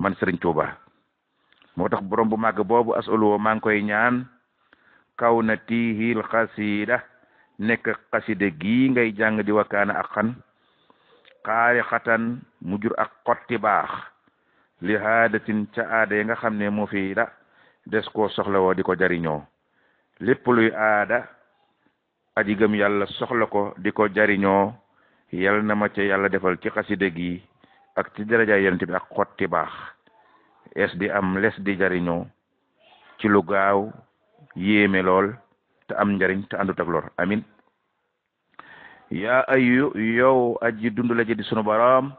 man sëriñ Tuuba moo tax borom bu màgg boobu asaluwo maa ngi koy ñaan kaw na tiihil xasida nekk xasida gi ngay jàng di wakkaana ak xan xaari xatan mu jur ak xotti baax li haadatin ca aada yi nga xam ne moo fi da des ko soxlawoo di ko jariñoo lépp luy aada aji gëm yàlla soxla ko di ko jariñoo yal na ma yàlla defal ci xasida gi ak ci ja yonent bi ak xotti baax es di am les di jariñoo ci lu gaaw yéeme lool te am njariñ te àndut ak lor amin yaa ayu yow aji dund di sunu boroom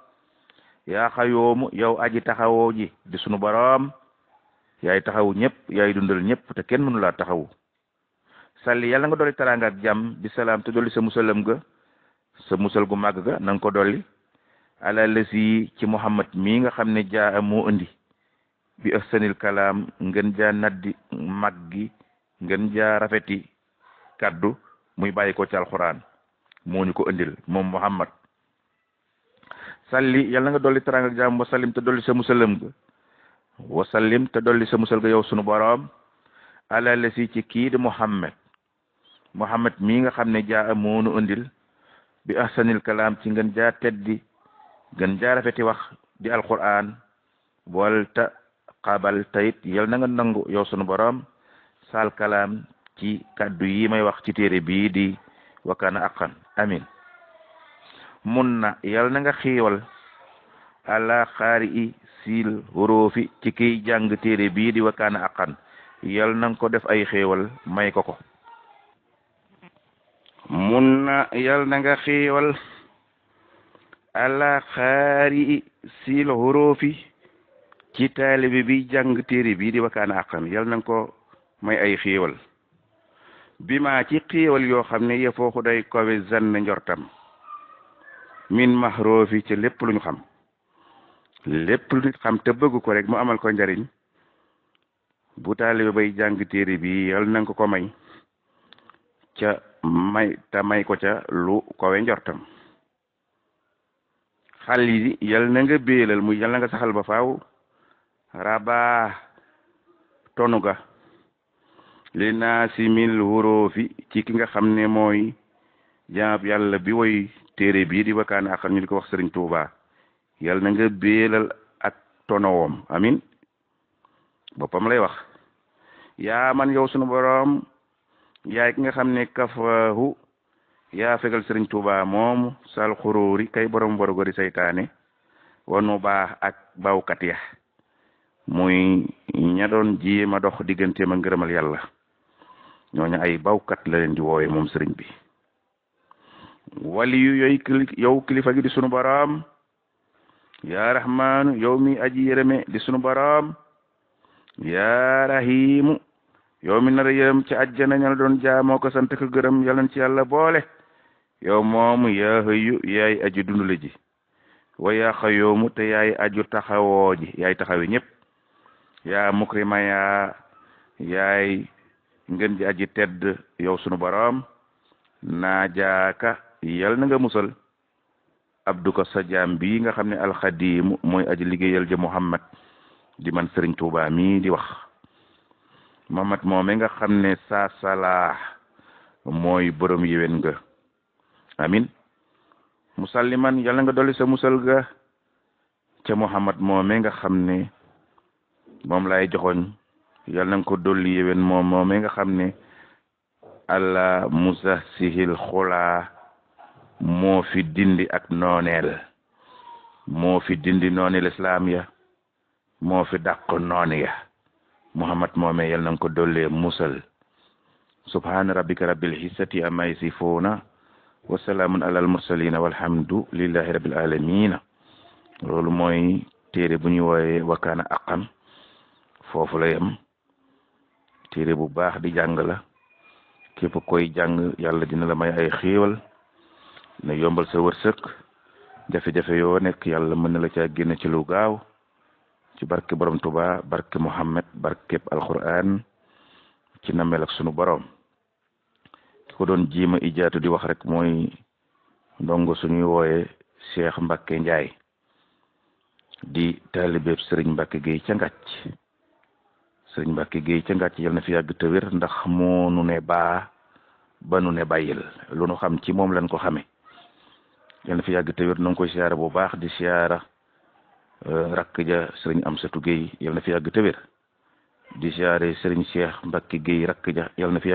yaa xayoomu yow aji taxawoo ji di sunu boroom yaay taxawu ñëpp yaay dundal ñëpp te kenn mënu laa taxawu salli yàlla nga dolli taraanga ak jàmm bi salaam te dolli sa musalam ga sa musal gu màgg ga na ko dolli ala lësi ci muhammad mii nga xam ne jaa moo indi bi ahsanil kalaam ngeen jaa naddi mag gi ngeen jaa rafeti kaddu muy bàyyi ko ci alxuraan moo ñu ko indil moom muhammad salli yàlla nga dolli teraanga ak jaam wasallim te dolli sa musalam ga wasallim te dolli sa musal ga yow sunu boroom ala ci kii di muhammad muhammad mii nga xam ne jaa moo nu indil bi ahsanil kalaam ci ngeen jaa teddi gën jaa rafeti wax di alquran wal ta xabal tayit yal na nga nangu yow sunu borom sal kalaam ci kaddu yi may wax ci téere bii di wakana akan amin mun na yal na nga xiiwal ala xaari i siil hurufi ci kiy jàng téere bii di wakana aqan yal na nga ko def ay xiiwal may ko ko mun na yal nga xiiwal ala xaari sil ci taalibe bi jàng téere bii di wakkaana àqan yal nanga ko may ay xiiwal bima ma ci xiiwal yoo xam ne yefooxu day kowe zanne njortam min maxroofi ci lépp luñ xam lépp lu xam te bëgg ko rek mu amal ko njariñ bu taalibe bay jàng téere bi yal nanga ko ko may ca may te may ko ca lu kowe njortam xal yi yal na nga béelal muy yal nga saxal ba faaw raba tonuga li naa simil wóoroofi ci ki nga xam ne mooy jaab yàlla bi woy téere bi di bakkaan ak ñu ko wax sëriñ Tuuba yal na nga béelal ak tonowoom amin boppam lay wax yaa yow sunu borom yaay ki nga xam ne kafahu yaa fegal sëriñ Tuuba moomu sal xuróori kay borom borogori seytaane wanu baax ak bawkat ya muy ña doon jéem a dox diggante ma ngërëmal yàlla ñooñu ay bawkat la leen moom sëriñ bi wali yu kilifa gi di sunu boroom yaa rahmaanu yow mi aji yërëme di sunu boroom yaa rahiimu yow mi nar a yërëm ci àjjana ña doon jaamoo ko sant ko gërëm yàlla ci yàlla boole yow moom yaa xëyu yaay aju dundule ji te yaay aju taxawoo ji yaay taxawe ñëpp yaa mukrima yaa yaay ngeen ji aji tedd yow sunu boroom naa jaaka yal na nga musal abduka sa jaam nga xam ne alxadimu mooy aji liggéeyal ja muhammad di man sëriñ tuuba mii di wax muhammad moome nga xam ne saa salaax mooy borom yéwén nga amin man yàlla nga dolli sa musal ga ca Muhammad moome nga xam ne moom laay joxoñ yàlla nga ko dolli yéwén moome nga xam ne allah musa sihil xulaa moo fi dindi ak nooneel moo fi dindi nooneel islaam ya moo fi dàq Muhammad moome yàlla nga ko dollee musal subhaana rabbika rabbil izzati amma yasifuuna wasalaamun alal mursalina walhamdu lillahi rabbil alamina loolu mooy téere bu ñu wooyee wakkaana aqan foofu la yem téere bu baax di jàng la képp koy jàng yàlla dina la may ay xéewal na yombal sa wërsëg jafe-jafe yoo nekk yàlla mën na la caa génn ci lu gaaw ci barke borom Tuba barke Muhammad barkeb alquran ci namel ak sunu borom ko doon jiima ijaatu di wax rek mooy ndongo suñuy wooye Cheikh Mbacke Ndiaye di taalibeeb Serigne Mbacke Gueye ca ngàcc Serigne Mbacke Gueye ca ngàcc yal na fi yàgg ndax moo nu ne baa ba nu ne bàyyil lu xam ci moom lañ ko xamee yal na fi yàgg te wér na nga koy siyaara bu baax di siyaara euh, rakk ja Serigne Amsatou Gueye yal na fi yàgg di siyaare Serigne Cheikh Mbacke Gueye rakk ja yal na fi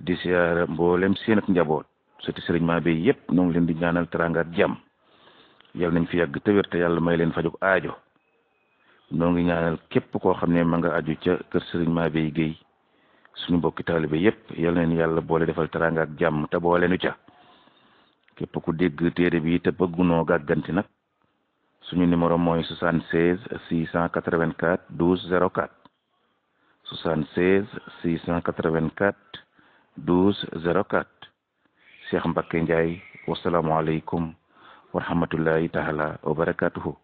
di siyaara mboolem seen ak njaboot sëti sëriñ Mabé yëpp ñoo ngi leen di ñaanal teraanga ak jàmm yal nañ fi yàgg te wér te yàlla may leen fajug aajo ñoo ngi ñaanal képp koo xam ne ma nga aju ca kër sëriñ Mabé Guèye suñu mbokki taalibe yëpp yal nañ yàlla boole defal teraanga ak jàmm te boole nu ca képp ku dégg téere bi te bëggunoo gàgganti nag suñu numéro mooy 76 684 12 04 76 684. 12 04 Cheikh Mbacke Ndiaye wasalaamualeykum wa rahmatullahi taala wa barakatuhu